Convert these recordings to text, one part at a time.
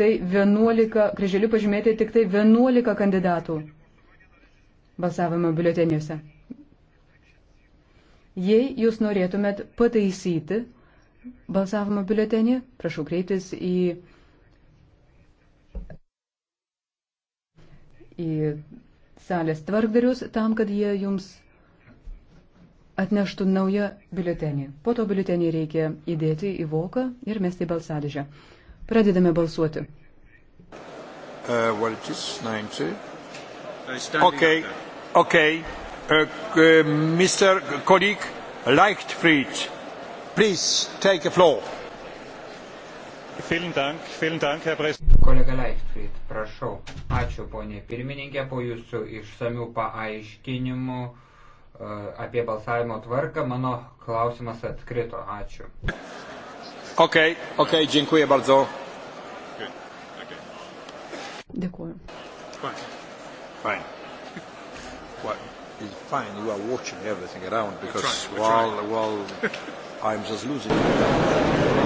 tai 11, kryželiu pažymėti tik tai 11 kandidatų balsavimo biuleteniuose. Jei jūs norėtumėt pataisyti balsavimo biuletenį, prašau kreiptis į, į salės tvarkdarius tam, kad jie jums atneštų naują biuletenį. Po to biuletenį reikia įdėti į voką ir mesti į balsadėžę. Pradedame balsuoti. Uh, well, it is 90. Uh, okay, okay. Uh, uh, Mr. Kolik Leichtfried, please take the floor. Vielen Dank, vielen Dank, Herr Präsident. Kolega Leichtfried, prašau. Ačiū, ponė pirmininkė, po jūsų išsamių paaiškinimų uh, apie balsavimo tvarką mano klausimas atkrito. Ačiū. Okej, okay, okej, okay, dziękuję bardzo. Dėkuoju. Fine. Fine. Well, it's fine. You are watching everything around because we're trying, we're while, trying. while I'm just losing.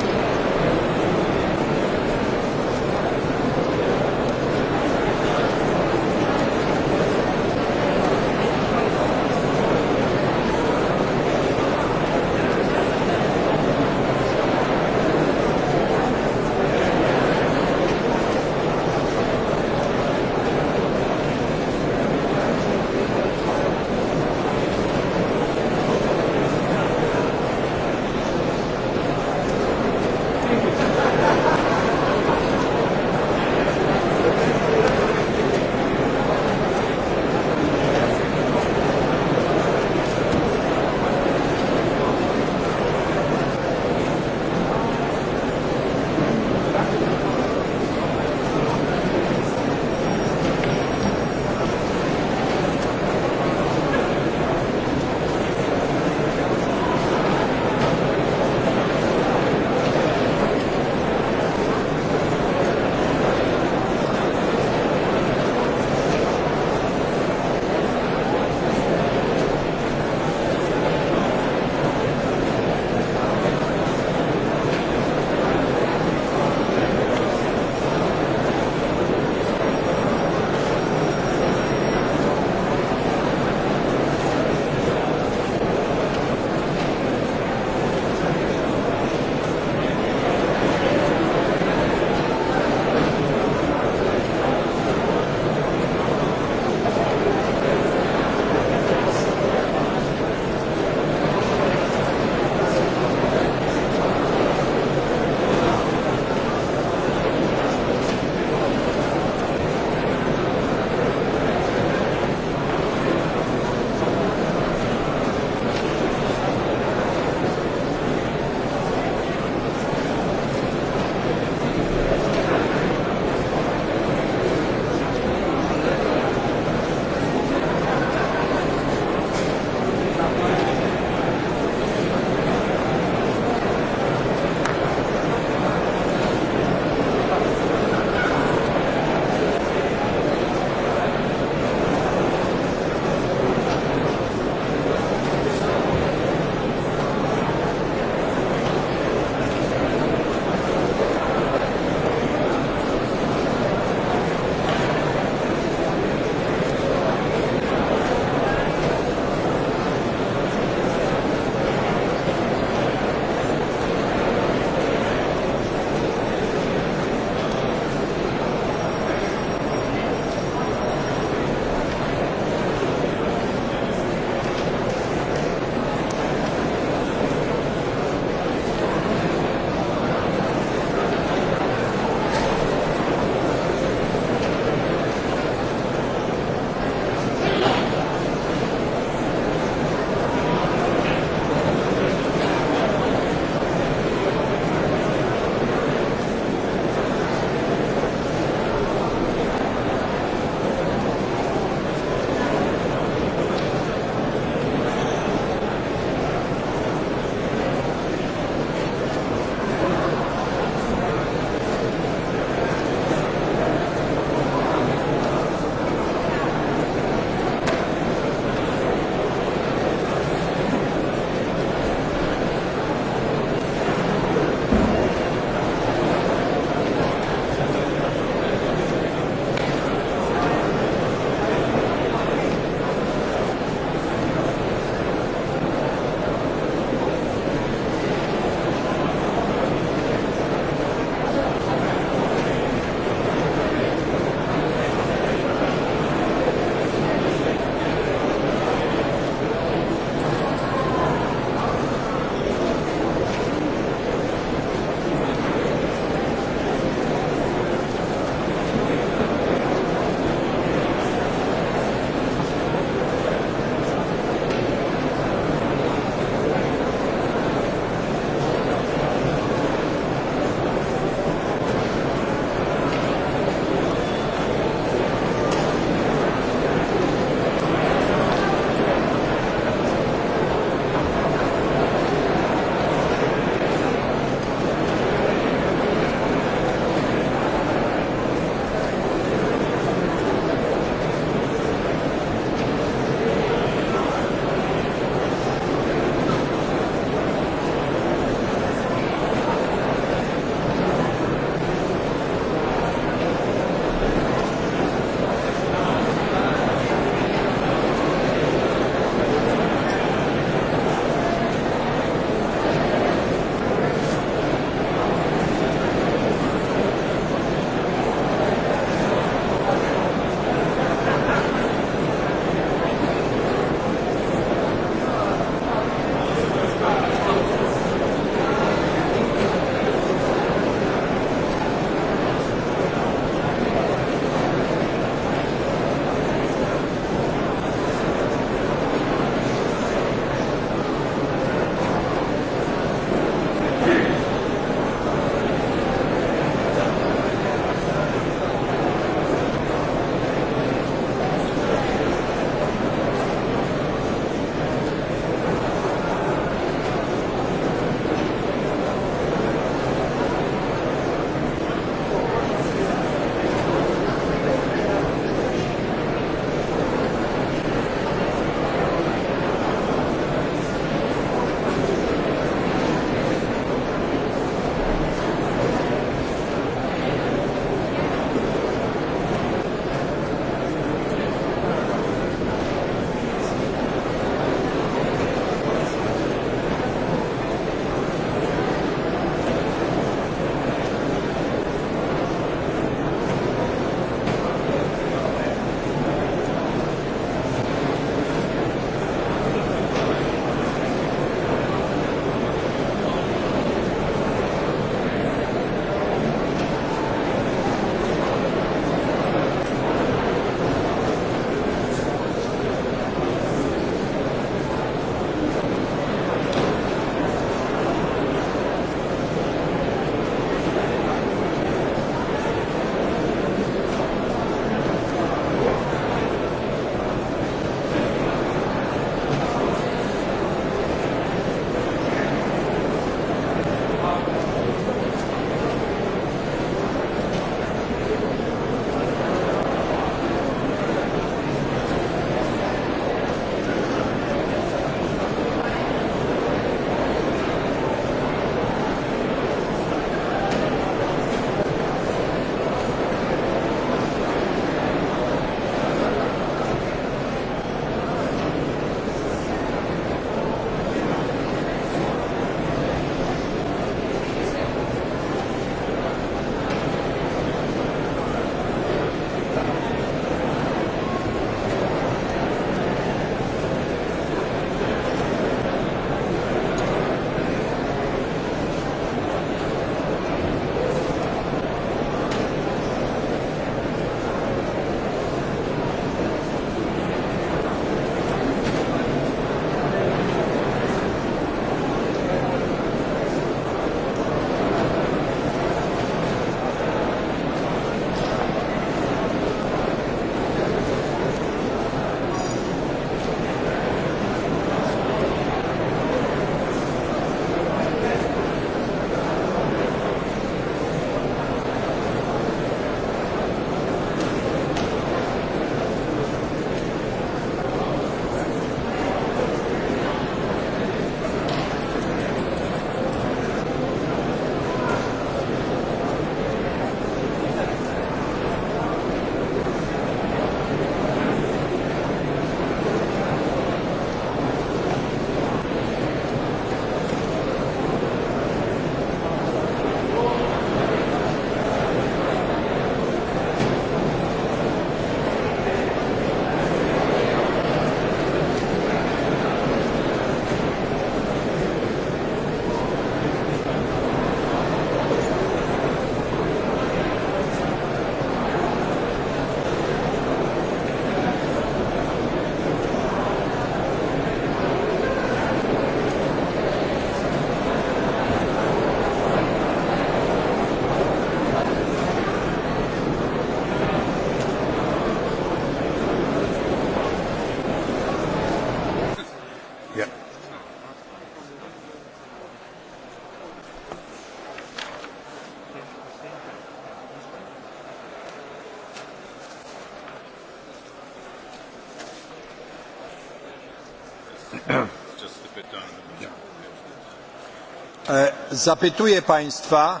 E, zapytuję Państwa,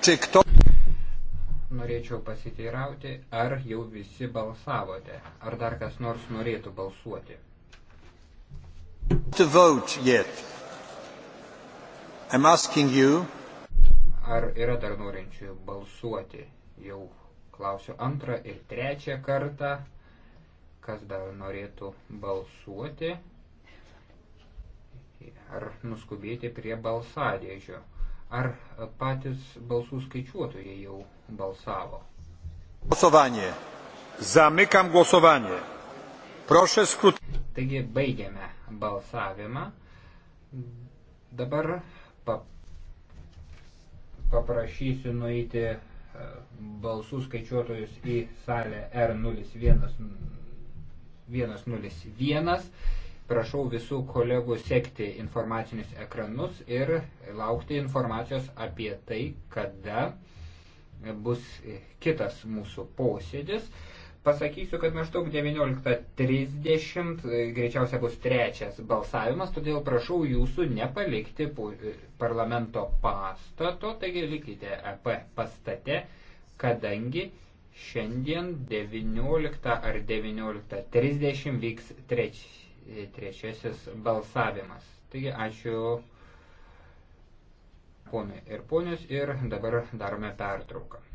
czy kto. Norėčiau pasiteirauti, ar jau visi balsavote, ar dar kas nors norėtų balsuoti. To vote yet. I'm asking you. Ar yra dar norinčių balsuoti? Jau klausiu antrą ir trečią kartą, kas dar norėtų balsuoti ar nuskubėti prie balsadėžio. Ar patys balsų skaičiuotojai jau balsavo? Balsovanie. Zamykam balsovanie. Prošę skrut. Taigi baigiame balsavimą. Dabar pap paprašysiu nueiti e, balsų skaičiuotojus į salę R01101 prašau visų kolegų sekti informacinius ekranus ir laukti informacijos apie tai, kada bus kitas mūsų posėdis. Pasakysiu, kad maždaug 19.30 greičiausia bus trečias balsavimas, todėl prašau jūsų nepalikti e, parlamento pastato, taigi likite EP pastate, kadangi šiandien 19 ar 19.30 vyks trečias E, trečiasis balsavimas. Taigi ačiū ponai ir ponius ir dabar darome pertrauką.